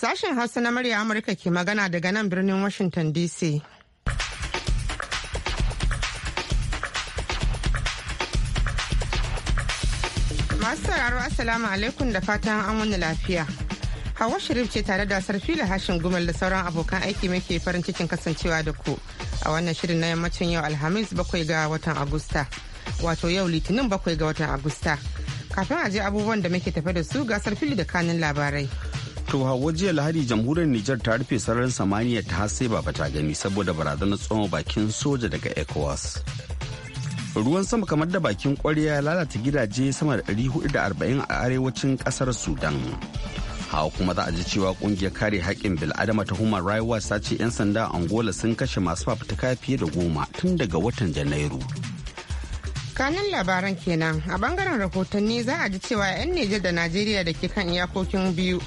Sashen Hausa na murya Amurka ke magana daga nan birnin Washington DC. Masu sauraro Assalamu alaikum da fatan an wani lafiya. Hawa Sharif ce tare da Sarfila Hashin Gumal da sauran abokan aiki muke farin cikin kasancewa da ku a wannan shirin na yammacin yau Alhamis bakwai ga watan Agusta. Wato yau Litinin bakwai ga watan Agusta. Kafin a je abubuwan da muke tafe da su ga Sarfili da kanin labarai. To hawa jiya lahadi jamhuriyar Nijar ta rufe sararin samaniya ta sai ba ta gani saboda barazanar tsoma bakin soja daga ECOWAS. Ruwan sama kamar da bakin kwarya ya lalata gidaje sama da 440 a arewacin kasar Sudan. Hawa kuma za a ji cewa kungiyar kare haƙƙin bil'adama ta Human Rights Watch ta ce 'yan sanda Angola sun kashe masu fafutuka fiye da goma tun daga watan Janairu. kanin labaran kenan a bangaren rahotanni za a ji cewa 'yan Nijar da Najeriya da ke kan iyakokin biyu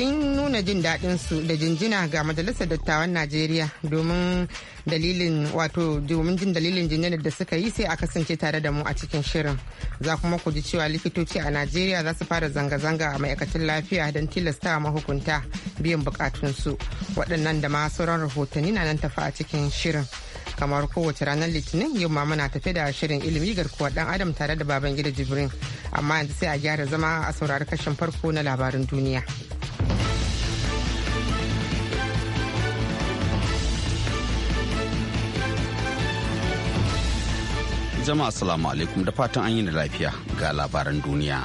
sun nuna jin daɗin su da jinjina ga majalisar dattawan najeriya domin dalilin wato domin jin dalilin jinjina da suka yi sai a kasance tare da mu a cikin shirin za kuma ku ji cewa likitoci a najeriya za su fara zanga-zanga a ma'aikatan lafiya don tilasta mahukunta biyan bukatunsu waɗannan da ma sauran rahotanni na nan tafi a cikin shirin kamar kowace ranar litinin yau ma muna tafi da shirin ilimi garkuwa dan adam tare da baban gida jibrin amma yanzu sai a gyara zama a saurari kashin farko na labarin duniya. Jama'a salamu alaikum da fatan an yi da lafiya ga labaran duniya.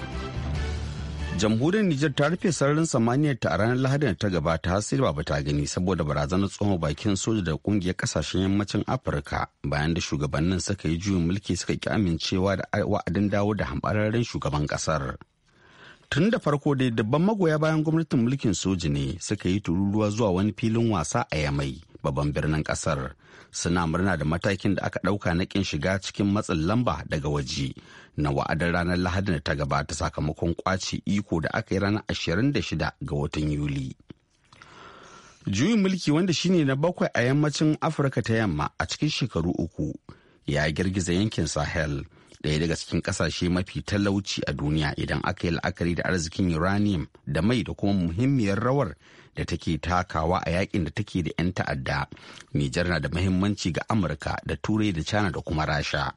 Jamhuriyar Nijar ta rufe sararin samaniyar ta a ranar Lahadin da ta gabata har sai ba ta gani saboda barazanar tsohon bakin soja da kungiyar kasashen yammacin Afirka bayan da shugabannin suka yi juyin mulki suka ki amincewa da wa'adin dawo da hambararren shugaban kasar. Tun da farko dai dabban magoya bayan gwamnatin mulkin soja ne suka yi tururuwa zuwa wani filin wasa a Yamai. babban birnin kasar suna murna da matakin da aka ɗauka na kin shiga cikin matsin lamba daga waje na wa'adar ranar lahadi da ta gabata sakamakon kwaci iko da aka yi ranar 26 ga watan yuli juyin mulki wanda shine na bakwai a yammacin afirka ta yamma a cikin shekaru uku ya girgiza yankin sahel daya daga cikin kasashe mafi talauci a duniya idan aka yi la'akari da arzikin uranium da mai da kuma muhimmiyar rawar da take takawa a yakin da take da 'yan ta'adda nijar na da mahimmanci ga amurka da turai da china da kuma rasha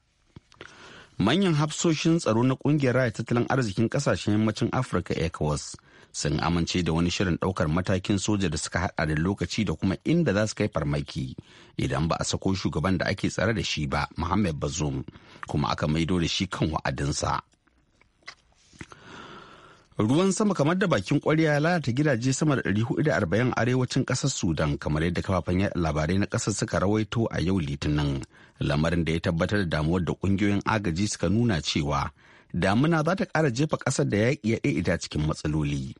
manyan hafsoshin tsaro na kungiyar raya tattalin arzikin kasashen yammacin afirka ecowas sun amince da wani shirin daukar matakin soja da suka hada da lokaci da kuma inda za su kai farmaki idan ba a sako shugaban da ake tsare da shi ba muhammad bazoum kuma aka maido da shi kan wa'adinsa ruwan sama kamar da bakin kwarya ya lalata gidaje sama da 440 arewacin kasar sudan kamar yadda kafafen labarai na kasar suka rawaito a yau litinin lamarin da ya tabbatar da damuwar da kungiyoyin agaji suka nuna cewa damuna za ta kara jefa kasar da yaƙi ya ita cikin matsaloli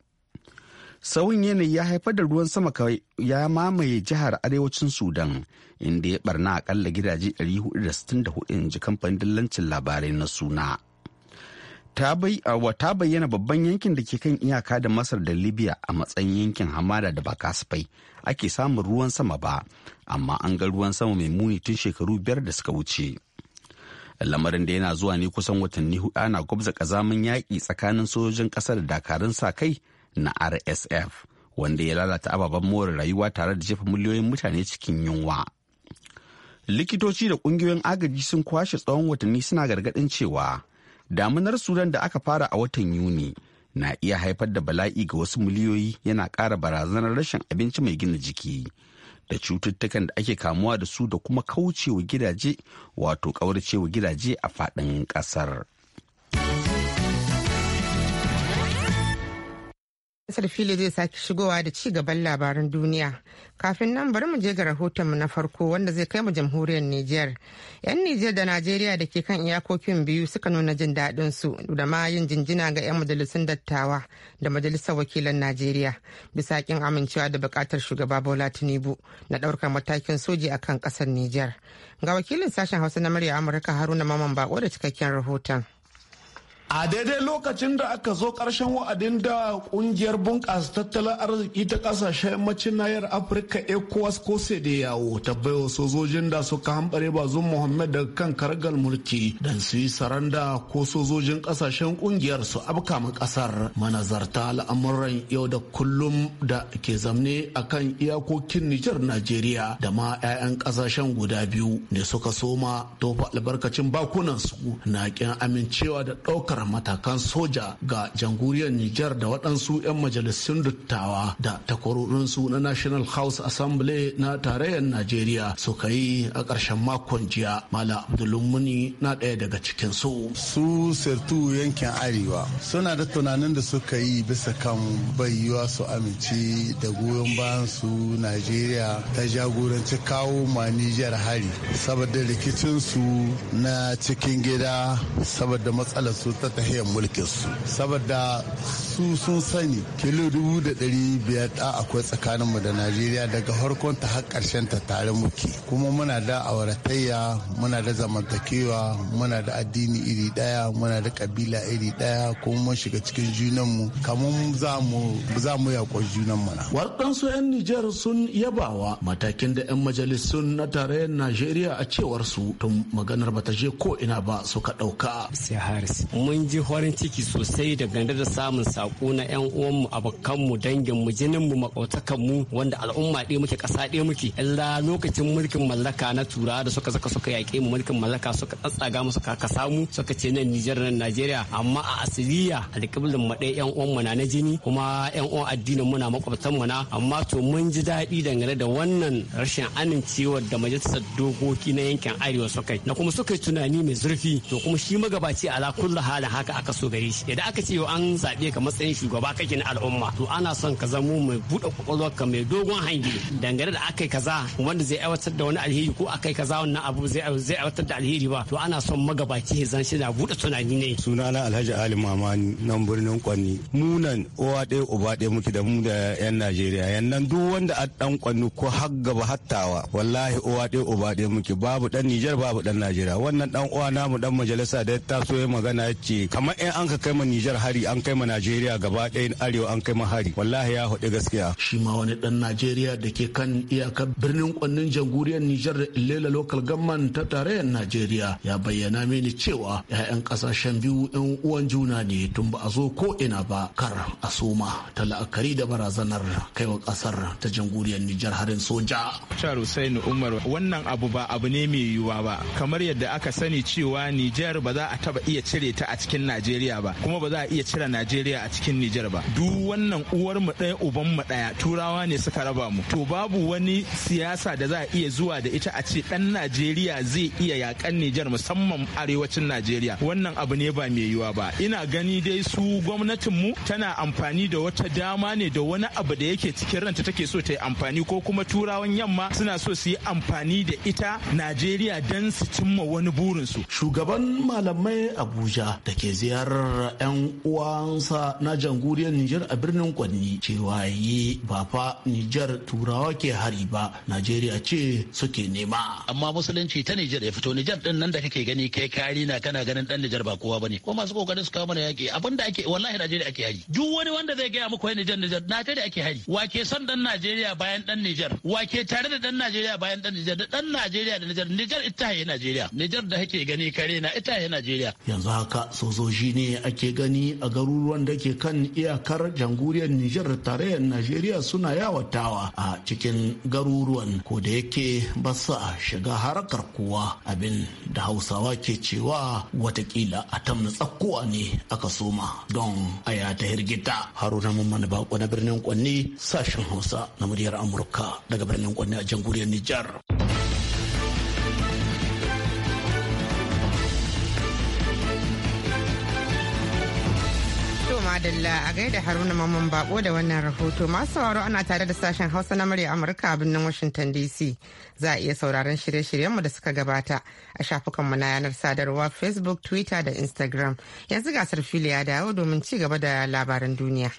sauyin yanayi ya haifar da ruwan sama kawai ya mamaye jihar arewacin sudan inda ya barna akalla gidaje 464 in ji kamfanin dillancin labarai na suna ta bayyana babban yankin da ke kan iyaka da masar da libya a matsayin yankin hamada da ba kasfai ake samun ruwan sama ba amma an ga ruwan sama mai muni tun shekaru biyar da suka wuce lamarin da yana zuwa ne kusan watanni hudu ana gwabza kazamin yaƙi tsakanin sojojin ƙasar da dakarun sa kai na rsf wanda ya lalata ababen more rayuwa tare da jefa miliyoyin mutane cikin yunwa likitoci da ƙungiyoyin agaji sun kwashe tsawon watanni suna gargaɗin cewa Damunar Sudan da aka fara a watan Yuni na iya haifar da bala'i ga wasu miliyoyi yana ƙara barazanar rashin abinci mai gina jiki da cututtukan da ake kamuwa da su da kuma kaucewa gidaje wato ƙauracewa gidaje a faɗin ƙasar. kasar fili zai sake shigowa da ci gaban labaran duniya. Kafin nan bari mu je ga rahotonmu na farko wanda zai kai mu jamhuriyar Nijar. 'Yan Nijar da Najeriya da ke kan iyakokin biyu suka nuna jin daɗin su da ma yin jinjina ga 'yan majalisun dattawa da majalisar wakilan Najeriya bisa kin amincewa da buƙatar shugaba Bola Tinubu na ɗaukar matakin soji akan ƙasar Nijar. Ga wakilin sashen Hausa na murya Amurka Haruna Maman Bako da cikakken rahoton. a daidai lokacin da aka zo karshen wa'adin da kungiyar bunƙasa tattalin arziki ta ƙasashen macinayar afirka ecowas ko da yawo ta sojojin da suka hambare bazum muhammad daga kan kargal mulki don su yi saranda ko sojojin ƙasashen kungiyar su ma ƙasar manazarta al'amuran yau da kullum da ke zamne a kan iyakokin nijar najeriya da ma 'ya'yan ƙasashen guda biyu ne suka soma tofa albarkacin su na kin amincewa da ɗaukar ɗaukar matakan soja ga janguriyar Nijar da waɗansu 'yan majalisun dattawa da takwarorinsu na National House Assembly na tarayyar Najeriya suka yi a ƙarshen makon jiya. Mala Abdulmuni na ɗaya daga cikin su. Su Sertu yankin Arewa suna da tunanin da suka yi bisa kan bayyuwa su amince da goyon bayan su Najeriya ta jagoranci kawo ma Nijar hari saboda rikicin su na cikin gida saboda matsalar su ta da tahiyar saboda su sun sani kilo dubu da ɗari biyar da akwai tsakanin mu da najeriya daga harkon ta har karshen ta tare muke kuma muna da auratayya muna da zamantakewa muna da addini iri ɗaya muna da kabila iri ɗaya kuma mun shiga cikin junanmu kamar za mu yaƙon junan mana. waɗansu 'yan nijar sun yabawa matakin da 'yan majalis sun na tarayyar najeriya a cewar su tun maganar bata je ko ina ba suka ɗauka. mun mun ji farin ciki sosai da gande da samun sako na yan uwanmu abokanmu danginmu jininmu mu wanda al'umma ɗaya muke ƙasa ɗaya muke illa lokacin mulkin mallaka na tura da suka zaka suka yaƙe mu mulkin mallaka suka tsatsaga mu suka kasa mu suka ce nan Nijar nan Najeriya amma a asiriya alƙiblin mu ɗaya yan uwanmu na na jini kuma yan uwan addinin mu na makwabtan mu na amma to mun ji daɗi dangane da wannan rashin amincewar da majalisar dokoki na yankin arewa suka na kuma suka yi tunani mai zurfi to kuma shi magabaci ala kullu hala haka aka so gare shi idan aka ce yau an zaɓe ka matsayin shugaba kake na al'umma to ana son ka zamo mai buɗe ka mai dogon hangi dangane da akai kaza wanda zai aiwatar da wani alheri ko akai kaza wannan abu zai aiwatar da alheri ba to ana son magabaci ya zan shi na buɗe tunani ne sunana alhaji ali mamani nan birnin kwanni munan uwa ɗaya uba ɗaya muke da mu da yan najeriya nan duk wanda a dan kwanni ko har gaba hattawa wallahi uwa ɗaya uba ɗaya muke babu dan nijar babu dan najeriya wannan dan uwa namu dan majalisa da ya taso ya magana ya ce kamar in an ka kai ma Nijar hari an kai ma Najeriya gaba ɗaya arewa an kai ma hari wallahi ya haɗu gaskiya. Shi ma wani ɗan Najeriya da ke kan iyakar birnin kwannin jamhuriyar Nijar da Ilela Local Government ta tarayyar Najeriya ya bayyana mini cewa 'ya'yan ƙasashen biyu 'yan uwan juna ne tun ba a zo ko ina ba kar a soma ta la'akari da barazanar kaiwa ƙasar ta jamhuriyar Nijar harin soja. Char Umar wannan abu ba abu ne mai yiwuwa ba kamar yadda aka sani cewa Nijar ba za a taba iya cire ta a cikin cikin najeriya ba kuma ba za a iya cire najeriya a cikin nijar ba duk wannan uwar mu ɗaya uban mu ɗaya turawa ne suka raba mu to babu wani siyasa da za a iya zuwa da ita a ce ɗan najeriya zai iya yakan nijar musamman arewacin najeriya wannan abu ne ba mai yiwa ba ina gani dai su gwamnatinmu tana amfani da wata dama ne da wani abu da yake cikin ranta take so ta yi amfani ko kuma turawan yamma suna so su yi amfani da ita najeriya don su cimma wani burinsu shugaban malamai abuja da ke ziyarar 'yan uwansa na jamhuriyar Nijar a birnin Kwanni cewa yi ba fa Nijar turawa ke hari ba Najeriya ce suke nema. Amma musulunci ta Nijar ya fito Nijar din nan da kake gani kai kari na kana ganin dan Nijar ba kowa bane ko masu kokarin su kawo mana yaki abin da ake wallahi Najeriya ake hari. Duk wani wanda zai gaya muku Nijar Nijar da ake hari. Wake son dan Najeriya bayan dan Nijar. Wake tare da dan Najeriya bayan dan Nijar dan Najeriya da Nijar Nijar ita Najeriya. Nijar da kake gani kare na ita Najeriya. Yanzu haka sojoji ne ake gani a garuruwan da ke kan iyakar jamhuriyar nijar tarayyar najeriya suna yawatawa a cikin garuruwan ko da yake ba sa shiga harakar kowa abin da hausawa ke cewa watakila a tamna tsakkuwa ne aka soma don aya ta hirgita haruna mamman bako na birnin kwanne sashen hausa na muryar amurka daga birnin kwanne a jamhuriyar nijar. madalla a gaida haruna maman bako da wannan rahoto masu sauraro ana tare da sashen hausa na murya amurka a birnin washington dc za a iya sauraron shirye-shiryenmu da suka gabata a shafukanmu na yanar sadarwa facebook twitter da instagram yanzu gasar fili ya dawo domin ci gaba da labaran duniya.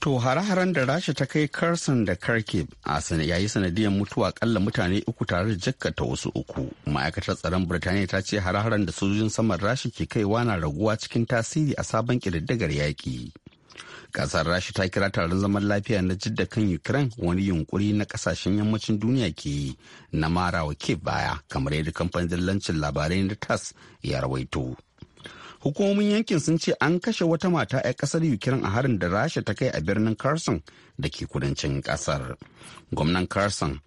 To hare-haren da Rasha ta kai Karsan da Kharkiv a yayi sanadiyar mutuwa kalla mutane uku tare da jakkata wasu uku. Ma'aikatar tsaron Birtaniya ta ce hare-haren da sojojin saman Rasha ke kaiwa na raguwa cikin tasiri a sabon kididdigar yaƙi. Ƙasar Rasha ta kira taron zaman lafiya na jidda kan Ukraine wani yunkuri na kasashen yammacin duniya ke yi na marawa ke baya kamar yadda kamfanin dillancin labarai na TASS ya rawaito. hukumomin yankin sun ce an kashe wata mata 'yan kasar ukraine a harin da rasha ta kai a birnin carson da ke kudancin kasar gwamnan carson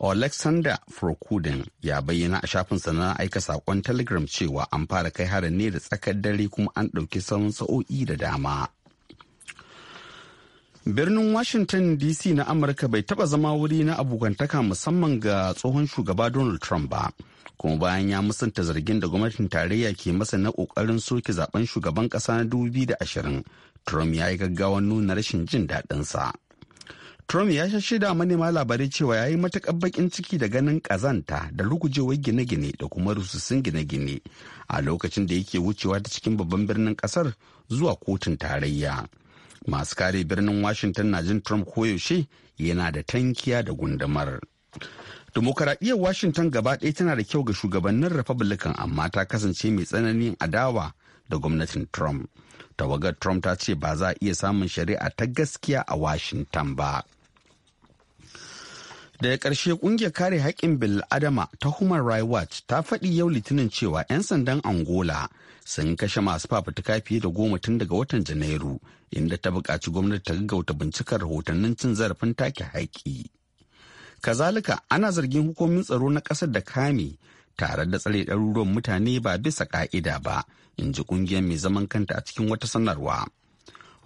alexander frokudin ya bayyana a shafin na aika sakon telegram cewa an fara kai harin ne da tsakar dare kuma an ɗauki sauran sa'o'i da dama birnin washington dc na amurka bai taba zama wuri na abokantaka musamman ga tsohon shugaba donald trump ba kuma bayan ya musanta zargin da gwamnatin tarayya ke masa na kokarin soke zaben shugaban kasa na 2020 trump ya yi gaggawan nuna rashin jin daɗinsa trump ya da manema labarai cewa ya yi matakan baƙin ciki da ganin ƙazanta da rugujewar gine-gine da kuma rususun gine-gine a lokacin da yake wucewa ta cikin babban birnin ƙasar zuwa kotun tarayya. masu kare birnin washington na jin trump koyaushe yana da tankiya da gundumar demokaradiyyar washington gaba ɗaya tana da kyau ga shugabannin republican amma ta kasance mai tsananin adawa da gwamnatin trump tawagar trump ta ce ba za a iya samun shari'a ta gaskiya a washington ba daga ƙarshe ƙungiyar kare haƙƙin adama ta human rights watch ta faɗi yau litinin cewa 'yan sandan angola sun kashe masu fafutuka fiye da goma tun daga watan janairu inda ta buƙaci gwamnati ta gaggauta bincikar rahotannin cin zarafin take haƙƙi kazalika ana zargin hukumomin tsaro na ƙasar da kame tare da tsare ɗaruruwan mutane ba bisa ƙa'ida ba in ji ƙungiyar mai zaman kanta a cikin wata sanarwa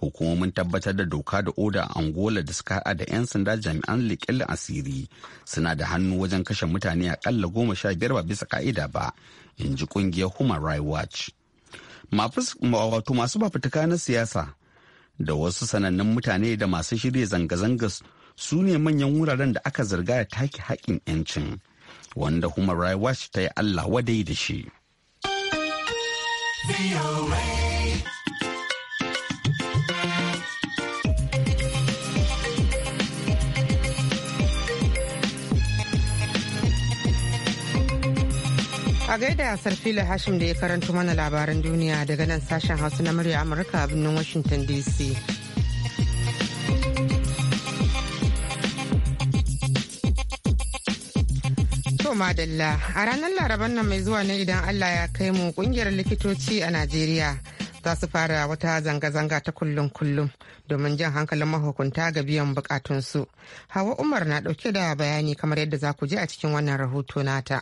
hukumomin tabbatar da doka da oda a angola da suka haɗa da 'yan sanda jami'an leƙen asiri suna da hannu wajen kashe mutane aƙalla goma sha biyar ba bisa ka'ida ba in ji ƙungiyar human rights watch wato masu fafutuka na siyasa da wasu sanannun mutane da masu shirya zanga-zanga su ne manyan wuraren da aka zarga da take haƙƙin 'yancin wanda human rights watch ta yi allah wadai da shi. A gaida Sarfila Hashim da ya karanto mana labaran duniya daga nan sashen Hausa na murya Amurka a birnin Washington DC. To madalla a ranar laraban nan mai zuwa ne idan Allah ya kai mu kungiyar likitoci a Najeriya za su fara wata zanga-zanga ta kullum kullum domin jan hankalin mahukunta ga biyan bukatunsu. Hawa Umar na dauke da bayani kamar yadda za ku je a cikin wannan rahoto nata.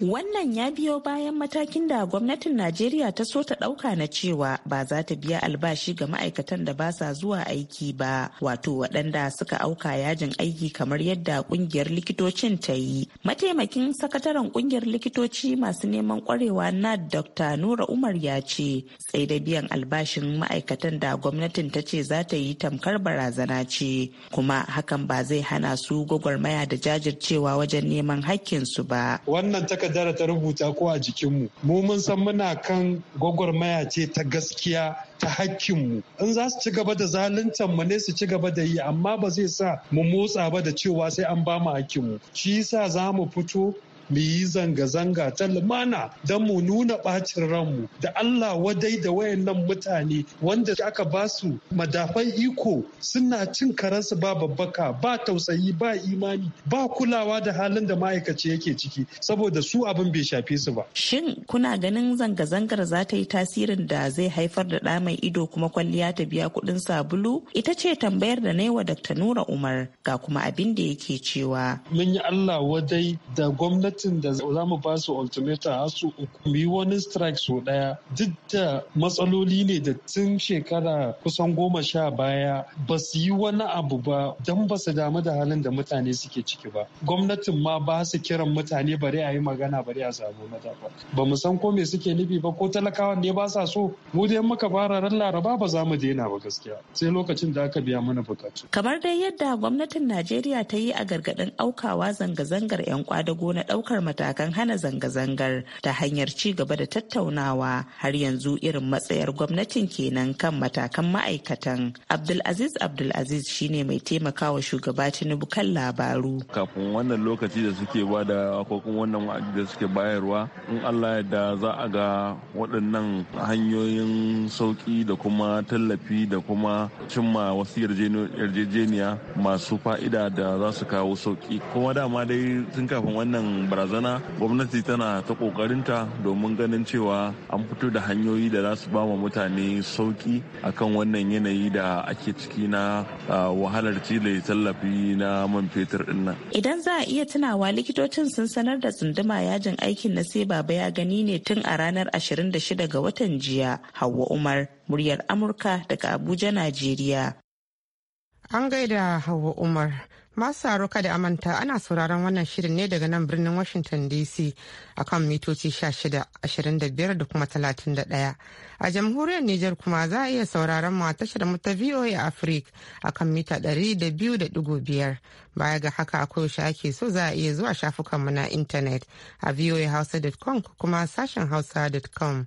Wannan ya biyo bayan matakin da gwamnatin Najeriya ta so ta ɗauka na cewa ba za ta biya albashi ga ma'aikatan da ba sa zuwa aiki ba, wato waɗanda suka auka yajin aiki kamar yadda ƙungiyar likitocin ta yi. Mataimakin sakataren ƙungiyar likitoci masu neman ƙwarewa na Dr. Nura Umar ya ce, sai da biyan albashin ma'aikatan da gwamnatin ta ce za ta yi tamkar barazana ce, kuma hakan ba zai hana su gwagwarmaya da jajircewa wajen neman hakkinsu ba. Wannan kaddara ta rubuta ko a jikinmu mu mun san muna kan gwagwarmaya ce ta gaskiya ta hakkinmu in za su ci gaba da zaluntar mu ne su ci gaba da yi amma ba zai sa mu motsa ba da cewa sai an ba mu hakkinmu shi yasa za mu fito mu yi zanga-zanga ta lumana don mu nuna ɓacin ranmu da Allah wadai da wayannan mutane wanda aka ba su madafan iko suna cin karansu ba babbaka ba tausayi ba imani ba kulawa da halin da ma'aikaci yake ciki saboda su abin bai shafe su ba. Shin kuna ganin zanga-zangar za ta yi tasirin da zai haifar da ɗa mai ido kuma kwalliya ta biya kuɗin sabulu? Ita ce tambayar da naiwa yi wa Dr. Nura Umar ga kuma abin da yake cewa. Mun yi Allah wadai da gwamnati gwamnatin da za mu ba su ultimatum har su uku mu yi wani strike so daya duk da matsaloli ne da tun shekara kusan goma sha baya ba su yi wani abu ba don ba su damu da halin da mutane suke ciki ba gwamnatin ma ba su kiran mutane bari a yi magana bari a samu madafa ba mu san ko me suke nufi ba ko talakawan ne ba sa so mu dai muka fara ran laraba ba za mu daina ba gaskiya sai lokacin da aka biya mana bukatu kamar dai yadda gwamnatin najeriya ta yi a gargadin aukawa zanga-zangar 'yan kwadago na ɗauka ɗaukar matakan hana zanga-zangar ta hanyar ci gaba da tattaunawa har yanzu irin matsayar gwamnatin kenan kan matakan ma'aikatan. Abdulaziz Abdulaziz shine mai taimakawa shugaba Tinubu kan labaru. Kafin wannan lokaci da suke ba da ko wannan wa'adi da suke bayarwa in Allah ya da za a ga waɗannan hanyoyin sauƙi da kuma tallafi da kuma cimma wasu yarjejeniya masu fa'ida da za su kawo sauƙi. Kuma dama dai tun kafin wannan barazana gwamnati tana ta kokarinta domin ganin cewa an fito da hanyoyi da za su ba wa mutane sauki akan wannan yanayi da ake ciki na wahalar cile tallafi na man fetur din nan idan za a iya tunawa likitocin sun sanar da tsunduma yajin aikin na sai baba ya gani ne tun a ranar 26 ga watan jiya hawa umar muryar amurka daga abuja najeriya an gaida hawa umar Masu saro kada amanta ana sauraron wannan shirin ne daga nan birnin Washington DC a kan mitoci 16 ashirin da kuma 31. A jamhuriyar Nijar kuma za a iya sauraron mu a tashar mu ta VOA Africa a kan mita 200.5. Baya ga haka a koyaushe ake so za a iya zuwa shafukanmu na intanet a voahausa.com kuma sashen hausa.com.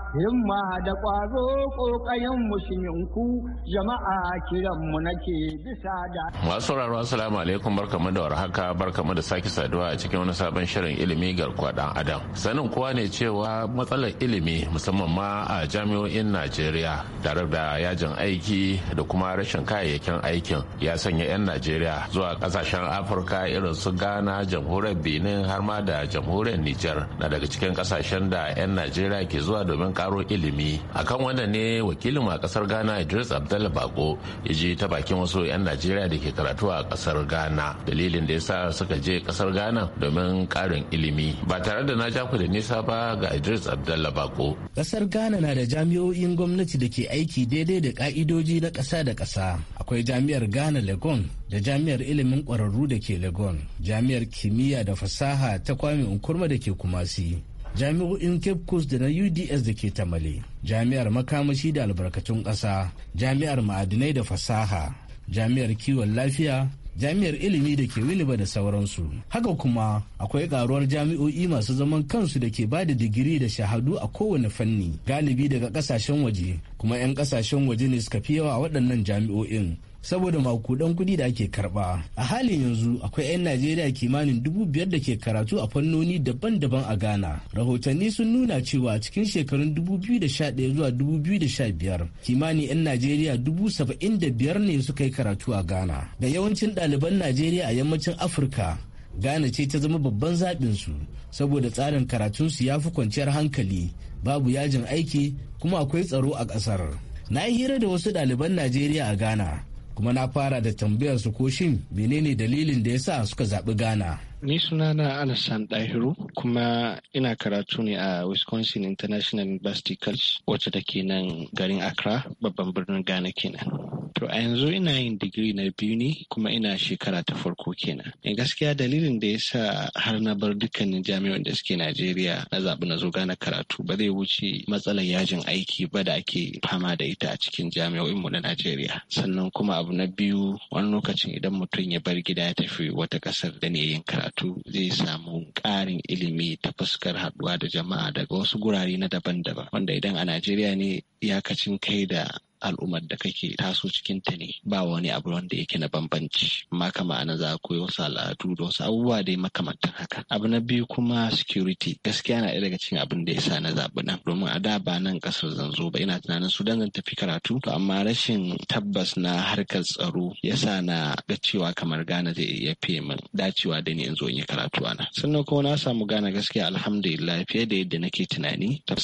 himma da ƙwazo ƙoƙayen musulminku jama'a kiranmu nake bisa da. Masu sauraro assalamu alaikum barkamu da warhaka barkamu da sake saduwa a cikin wani sabon shirin ilimi garkuwa dan adam. Sanin kowa ne cewa matsalar ilimi musamman ma a jami'o'in Najeriya tare da yajin aiki da kuma rashin kayayyakin aikin ya sanya 'yan Najeriya zuwa kasashen Afirka irin su Ghana, jamhuriyar Benin har ma da jamhuriyar Nijar na daga cikin kasashen da 'yan Najeriya ke zuwa domin karo ilimi akan wannan ne wakilin a kasar ghana idris abdalla bako ya je ta bakin wasu 'yan najeriya da ke karatu a kasar ghana dalilin da ya sa suka je kasar ghana domin karin ilimi ba tare da na ja ku da nisa ba ga idris abdalla bako kasar ghana na da jami'o'in gwamnati da ke aiki daidai da ka'idoji na kasa da kasa akwai jami'ar ghana legon da jami'ar ilimin kwararru da ke legon jami'ar kimiyya da fasaha ta kwame nkurma da ke kumasi jami'o'in cape coast da na uds da ke tamale jami'ar makamashi da albarkatun ƙasa jami'ar ma'adinai da fasaha jami'ar kiwon lafiya jami'ar ilimi da ke wiliba da sauransu haka kuma akwai karuwar jami'o'i masu zaman kansu da ke ba da digiri da shahadu a kowane fanni galibi daga kasashen waje kuma 'yan kasashen waje ne suka fi yawa a waɗannan jami'o'in saboda makudan kuɗi da ake karba a halin yanzu akwai 'yan najeriya kimanin dubu biyar da ke karatu a fannoni daban-daban a ghana rahotanni sun nuna cewa cikin shekarun 2011 zuwa 2015 kimanin 'yan najeriya dubu saba'in da biyar ne suka yi karatu a ghana da yawancin ɗaliban najeriya a yammacin afirka ghana ce ta zama babban zaɓinsu saboda tsarin karatunsu ya fi kwanciyar hankali babu yajin aiki kuma akwai tsaro a ƙasar na yi hira da wasu ɗaliban najeriya a ghana kuma na fara da tambayar su ko shin menene dalilin da ya sa suka zaɓi ghana Ni sunana Alasan Dahiru kuma ina karatu ne a Wisconsin International University College wacce ke nan garin Accra babban birnin Ghana kenan. To a yanzu ina yin digiri na biyu ne kuma ina shekara ta farko kenan. In eh, gaskiya dalilin da ya sa har na bar dukkanin jami'an da suke Najeriya na zaɓi na zo gane karatu ba zai wuce matsalar yajin aiki ba da ake fama da ita a cikin jami'o'inmu na Najeriya. Sannan kuma abu na biyu wani lokacin idan mutum ya bar gida ya tafi wata ƙasar da ne yin karatu. karatu zai samu ƙarin ilimi ta fuskar haɗuwa da jama'a daga wasu gurare na daban-daban wanda idan a najeriya ne iyakacin kai da al'ummar da kake taso cikin ta ne ba wani abu wanda yake na bambanci ma kama ana za ku wasu al'adu da wasu abubuwa dai makamantan haka abu na biyu kuma security gaskiya na ɗaya daga cikin abin da ya sa na zaɓi nan domin a da ba nan kasar zanzo ba ina tunanin su zan tafi karatu to amma rashin tabbas na harkar tsaro ya sa na ga cewa kamar Ghana zai iya fiye min dacewa da ni in zo in yi karatu ana sannan kuma na samu Gana gaskiya alhamdulillah fiye da yadda nake tunani ta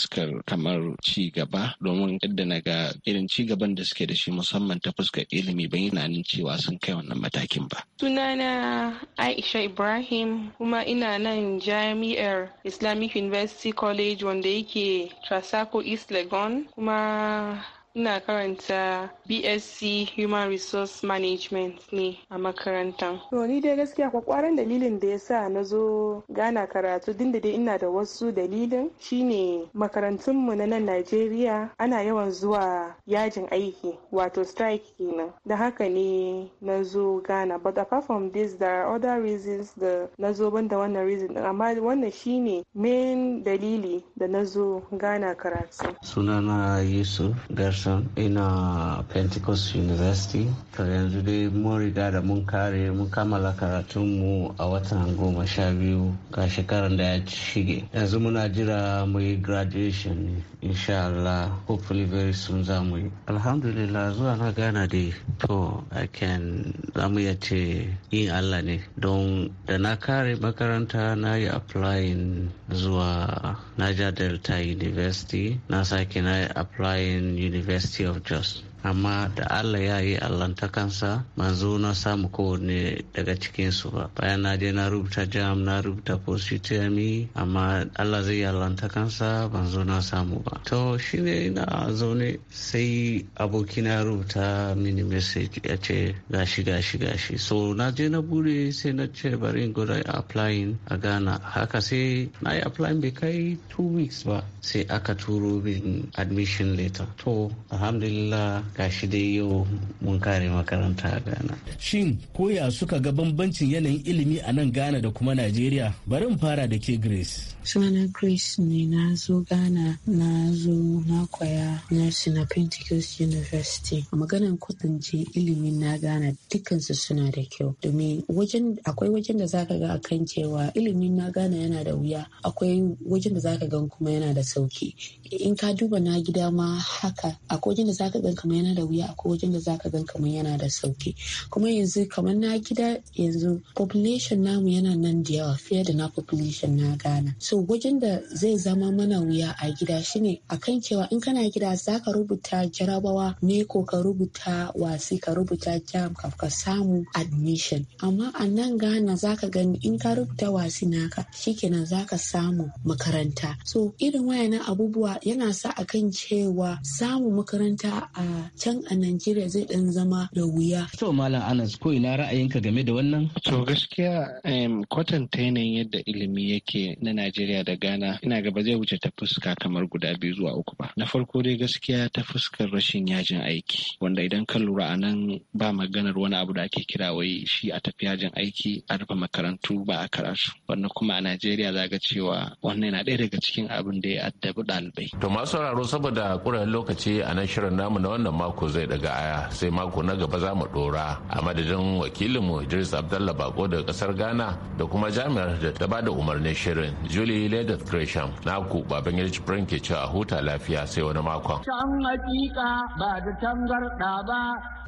kamar ci gaba domin yadda na ga irin ci gaban da suke da shi musamman ta fuskar ilimi bai yana nan cewa sun kai wannan matakin ba. Sunana Aisha Ibrahim kuma ina nan jami'ar Islamic University College wanda yake Trasaco East Legon kuma ina karanta BSc Human Resource Management ne a makarantar. To ni dai gaskiya kwaran dalilin da ya sa na zo gana karatu din da dai ina da wasu dalilin shine makarantunmu na nan Najeriya ana yawan zuwa yajin aiki wato strike kenan. Da haka ne na zo Ghana but apart from this there are other reasons da na zo banda wannan reason amma wannan shine main dalili da na zo Ghana karatu. Sunana Yusuf Garsa in ina uh, Pentecost University. To yanzu dai mun riga da mun kare mun kammala mu a watan goma sha biyu ga shekaran da ya shige. Yanzu muna jira mu yi graduation ne insha Allah hopefully very soon za mu yi. Alhamdulillah zuwa na gana dai to I can za mu iya ce yin Allah ne don da na kare makaranta na yi applying zuwa Niger Delta University na sake na yi applying university University of Jos. amma da Allah ya yi allantakansa manzo na samu kowanne daga cikinsu ba bayan na je na rubuta jam na rubuta positiyami amma Allah zai yi allantakansa manzo na samu ba to shine na zaune sai abokina rubuta mini message ya ce gashi gashi gashi so na je na bude sai na ce bari in guda applying a Ghana haka sai na yi applying bai kai two weeks ba sai aka turo bin admission letter to alhamdulillah gashi dai yau mun kare makaranta a ghana shin koya suka ga bambancin yanayin ilimi a nan ghana da kuma najeriya bari fara da ke grace sunana grace ne na zo ghana na zo na koya nursing na pentecost university A maganan kwatance ilimin na ghana dukansu suna da kyau domin wajen akwai wajen da zaka ga kan cewa ilimin na ghana yana da wuya akwai wajen da zaka gan kuma yana da sauki in ka duba na gida ma haka akwai wajen da zaka gan kamar yana da wuya akwai wajen da zaka gan kamar yana da sauki kuma yanzu kamar na gida yanzu population namu yana nan da yawa fiye da na population na gana so wajen da zai zama mana wuya a gida shine akan cewa in kana gida zaka rubuta jarabawa ne ko ka rubuta wasi ka rubuta jam ka samu admission amma a nan Ghana zaka gani in ka rubuta wasi naka shikenan zaka samu makaranta so irin wayannan abubuwa yana sa akan cewa samun makaranta a can a Najeriya zai dan zama da wuya. To Malam Anas ko ina ra'ayinka game da wannan? To gaskiya kwatanta yanayin yadda ilimi yake na Najeriya da Ghana ina gaba zai wuce ta fuska kamar guda biyu zuwa uku ba. Na farko dai gaskiya ta fuskar rashin yajin aiki wanda idan ka lura a nan ba maganar wani abu da ake kira wai shi a tafi yajin aiki a rufe makarantu ba a karatu. Wannan kuma a Najeriya za ga cewa wannan yana ɗaya daga cikin abin da ya addabi ɗalibai. To masu sauraro saboda ƙuran lokaci a nan shirin namu na wannan mako zai daga aya sai mako na gaba za mu dora a madadin wakilinmu idris abdallah bako daga kasar ghana da kuma jami'ar da ta bada umarnin shirin julie ledet gresham na ku baban yarji ke cewa huta lafiya sai wani makon. can hakika ba da tangarda ba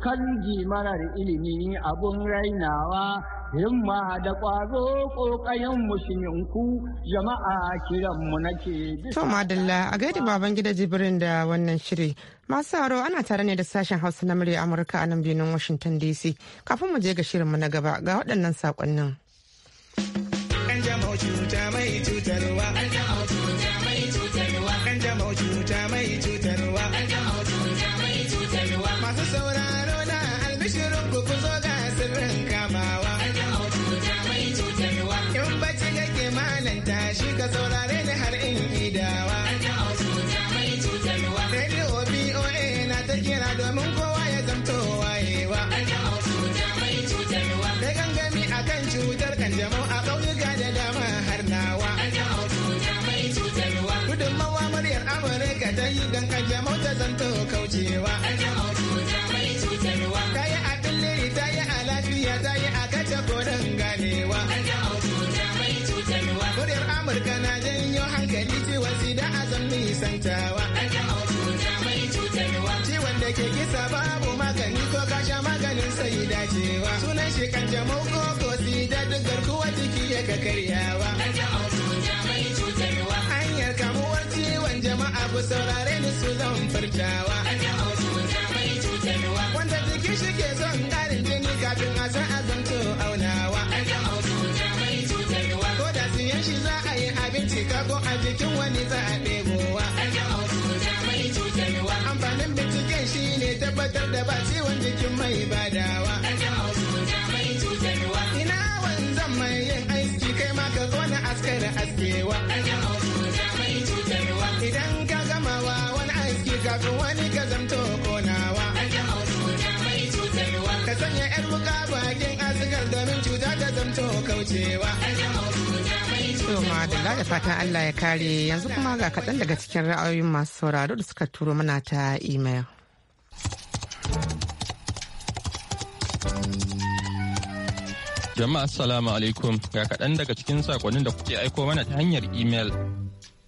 kan ji marar ilimi abun rainawa himma da ƙwazo ƙoƙayen musulminku jama'a kiranmu nake to madalla a gaida baban gida jibrin da wannan shiri masu aro ana tare ne da sashen hausa na murya amurka a nan birnin washington dc kafin mu je ga shirinmu na gaba ga waɗannan saƙonnin. An cuta mai cutarwa. cuta mai cutarwa. cuta mai cutarwa. yi kanjamau ta zanto kaucewa. Kanjamau cuta mai cutarwa. Ta yi a tulliri ta yi a lafiya ta yi a kace koren ganewa. Kanjamau mai cutarwa. Amurka na janyo hankali ciwon sida a zan mai cutarwa. Ciwon da ke gisa babu magani ko kasha maganin sai Sunan shi kanjamau ko ko sida duk garkuwa jiki ya ka karyawa. Kanjamau ku saurare ni su zan furtawa. Wanda jiki shi ke son ƙarin jini kafin a san azanto aunawa. Ko da siyan shi za a yi abinci ko a jikin wani za a ɗebowa. Amfanin binciken shi ne tabbatar da ba ciwon jikin mai badawa. ka sanya yar wuka bakin asigar domin cuta ta zamto kaucewa da fatan Allah ya kare yanzu kuma ga kaɗan daga cikin ra'ayoyin masu sauraro da suka turo mana ta imel. Jama'a assalamu alaikum ga kaɗan daga cikin saƙonin da kuke aiko mana ta hanyar imel.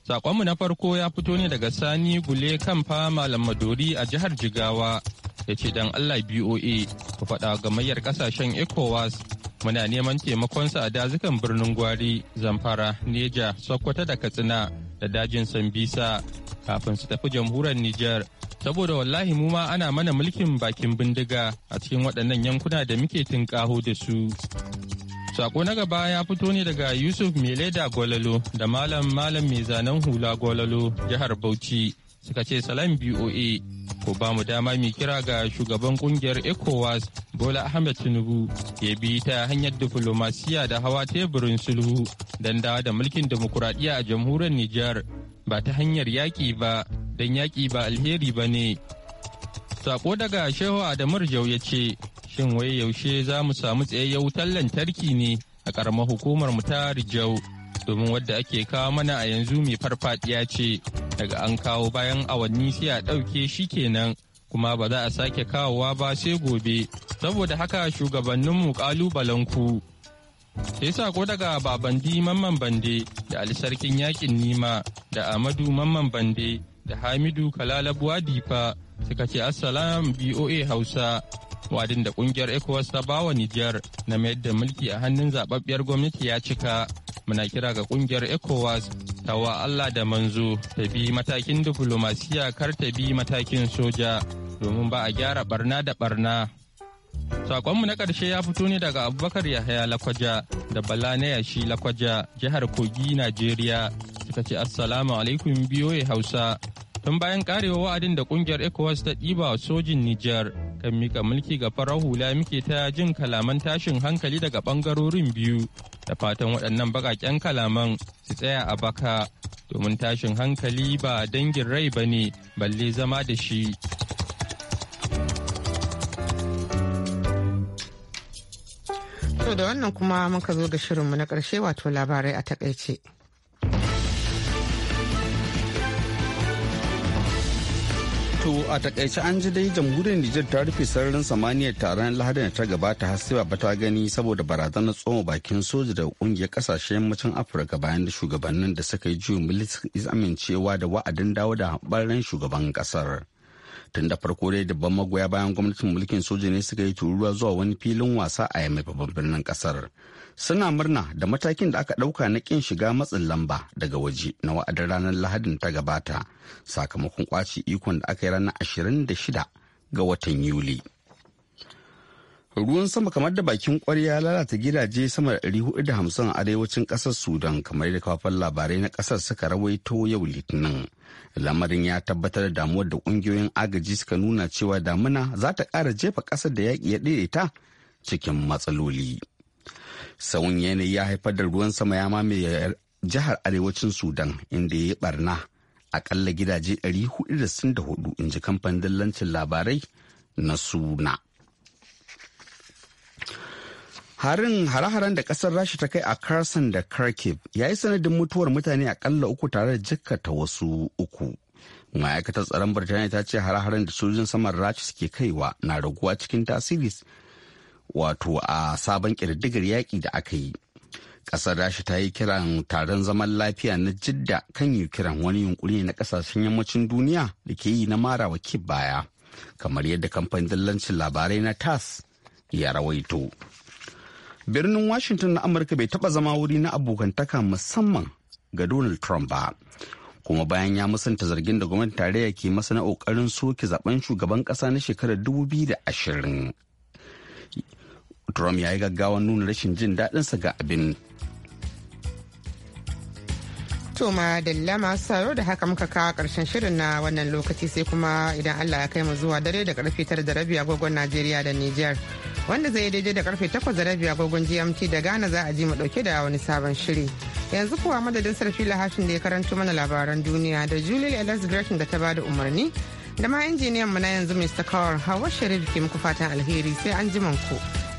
Saƙonmu na farko ya fito ne daga Sani Gule kan fama Malam Maduri a jihar Jigawa ya ce don Allah BOA ku faɗa gamayyar ƙasashen ECOWAS muna neman taimakonsa a dazukan birnin Gwari, Zamfara, Neja, Sokoto da Katsina da dajin Sambisa kafin su tafi jamhuriyar Nijar. Saboda wallahi mu ma ana mana mulkin bakin bindiga a cikin waɗannan yankuna da muke tinkaho da su. Sako na gaba ya fito ne daga Yusuf Meleda Gwalalo da Malam Malam mai zanen hula Gwalalo jihar Bauchi suka ce salam BOA ko ba mu dama mu kira ga shugaban kungiyar ECOWAS Bola Ahmed Tinubu ya bi ta hanyar diflomasiya da hawa teburin sulhu don dawa da mulkin demokuraɗiyya a jamhuriyar Nijar ba ta hanyar yaƙi ba don yaƙi ba alheri ba ne. Sako daga Shehu adamar Jau ya ce, Shin wai yaushe za mu samu tsayayyen wutar lantarki ne a ƙaramar hukumar mu ta Rijau. domin wadda ake kawo mana a yanzu mai farfadiya ce daga an kawo bayan awanni sai a ɗauke shi kenan kuma ba za a sake kawowa ba sai gobe saboda haka shugabanninmu ƙalubalenku sai sako daga babandi mamman bande da sarkin yakin nima da amadu mamman bande da hamidu kalalabuwa difa suka ce assalam boa hausa wadin da kungiyar ecowas ta bawa nijar na mayar da mulki a hannun zababbiyar gwamnati ya cika muna kira ga kungiyar ecowas wa allah da manzo ta bi matakin diflomasiya kar ta bi matakin soja domin ba a gyara barna da barna sakonmu na ƙarshe ya fito ne daga abubakar yahaya lakwaja da bala na yashi lakwaja jihar kogi najeriya suka ce assalamu alaikum ya hausa tun bayan karewa wa'adin da kungiyar ecowas ta ɗiba sojin nijar kan mika mulki ga farar hula muke ta jin kalaman tashin hankali daga bangarorin biyu da fatan waɗannan baƙaƙen kalaman su tsaya a baka domin tashin hankali ba dangin rai ba ne balle zama da shi to da wannan kuma muka zo ga shirinmu na ƙarshe wato labarai a takaice. To a takaice an ji dai jamhuriyar Nijar ta rufe sararin samaniyar taron lahadin da ta gabata har sai ba ta gani saboda barazanar tsoma bakin soja da kungiyar kasashen yammacin Afirka bayan da shugabannin da suka yi juyin mulki amincewa da wa'adin dawo da haɓarren shugaban kasar. Tun da farko dai dabban magoya bayan gwamnatin mulkin soja ne suka yi tururuwa zuwa wani filin wasa a yamma babban birnin kasar. suna murna da matakin da aka ɗauka na kin shiga matsin lamba daga waje na wa'adin ranar lahadin ta gabata sakamakon kwaci ikon da aka yi ranar 26 ga watan yuli ruwan sama kamar da bakin kwarya lalata gidaje sama da 450 a arewacin ƙasar sudan kamar da kafafen labarai na ƙasar suka rawaito yau litinin lamarin ya tabbatar da damuwar da ƙungiyoyin agaji suka nuna cewa damuna za ta ƙara jefa ƙasar da yaƙi ya ta cikin matsaloli. sauyin yanayi ya haifar da ruwan sama ya mamaye jihar arewacin sudan inda ya yi barna akalla gidaje 464 in ji kamfanin dillancin labarai na suna harin hare-haren da kasar rashi ta kai a karsan da kharkiv ya yi sanadin mutuwar mutane akalla uku tare da jikkata wasu uku ma'aikatar tsaron birtaniya ta ce hare-haren da sojin saman rashi suke kaiwa na raguwa cikin tasiris. wato a sabon kirdigar yaƙi da aka yi ƙasar rasha ta yi kiran taron zaman lafiya na jidda kan yi kiran wani yunkuri na ƙasashen yammacin duniya da ke yi na mara wa baya kamar yadda kamfanin dillancin labarai na tas ya rawaito birnin washington na amurka bai taɓa zama wuri na abokantaka musamman ga donald trump ba kuma bayan ya musanta zargin da gwamnatin tarayya ke masa na kokarin soke zaben shugaban ƙasa na shekarar 2020 Trump ya yi gaggawan nuna rashin jin daɗinsa ga abin. Toma dalla masu saro da haka muka kawo karshen shirin na wannan lokaci sai kuma idan Allah ya kai mu zuwa dare da karfe tara da rabi agogon Najeriya da Nijar. Wanda zai daidai da karfe takwas da rabi agogon GMT da Ghana za a ji mu dauke da wani sabon shiri. Yanzu kuwa madadin sarfi lahashin da ya karanto mana labaran duniya da Julie Ellis Gretchen da ta ba da umarni da ma injiniyan mu na yanzu Mr. Kawar Hawa Sharif ke muku fatan alheri sai an ji ku.